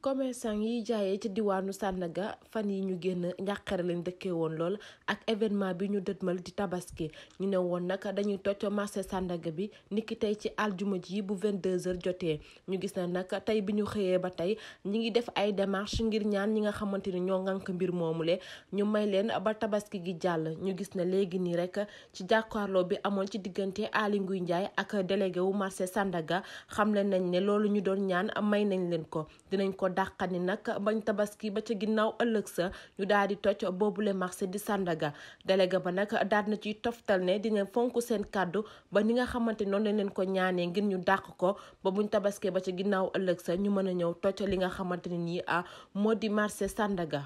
commerçant yiy jaayee ci diwaanu Sandaga fan yi ñu génn njàqare leen dëkkee woon lool ak événement bi ñu dëtmal di tabaski ñu ne woon nag dañuy toj marché Sandaga bi niki tey ci aljuma ji bu vingt 22 heure jotee ñu gis na nag tey bi ñu xëyee ba tey ñi ngi def ay démarche ngir ñaan ñi nga xamante ni ñoo ngànk mbir moomu moomule ñu may leen ba tabaski gi jàll ñu gis na léegi nii rek ci jàkkaarloo bi amoon ci diggante Aly Ngouille Ndiaye ak délégué wu Sandaga xam leen nañ ne loolu ñu doon ñaan may nañ leen ko ko dàqani nag bañ tabaski ba ca ginnaaw ëllëg sa ñu daal di boobu boobule marché di Sandaga délégué ba nag daal na ciy toftal ne dina fonk seen kàddu ba ni nga xamante noonu la leen ko ñaanee ngir ñu dàq ko ba buñ tabaskee ba ca ginnaaw ëllëg sa ñu mën a ñëw toj li nga xamante ne nii ah moo di marché Sandaga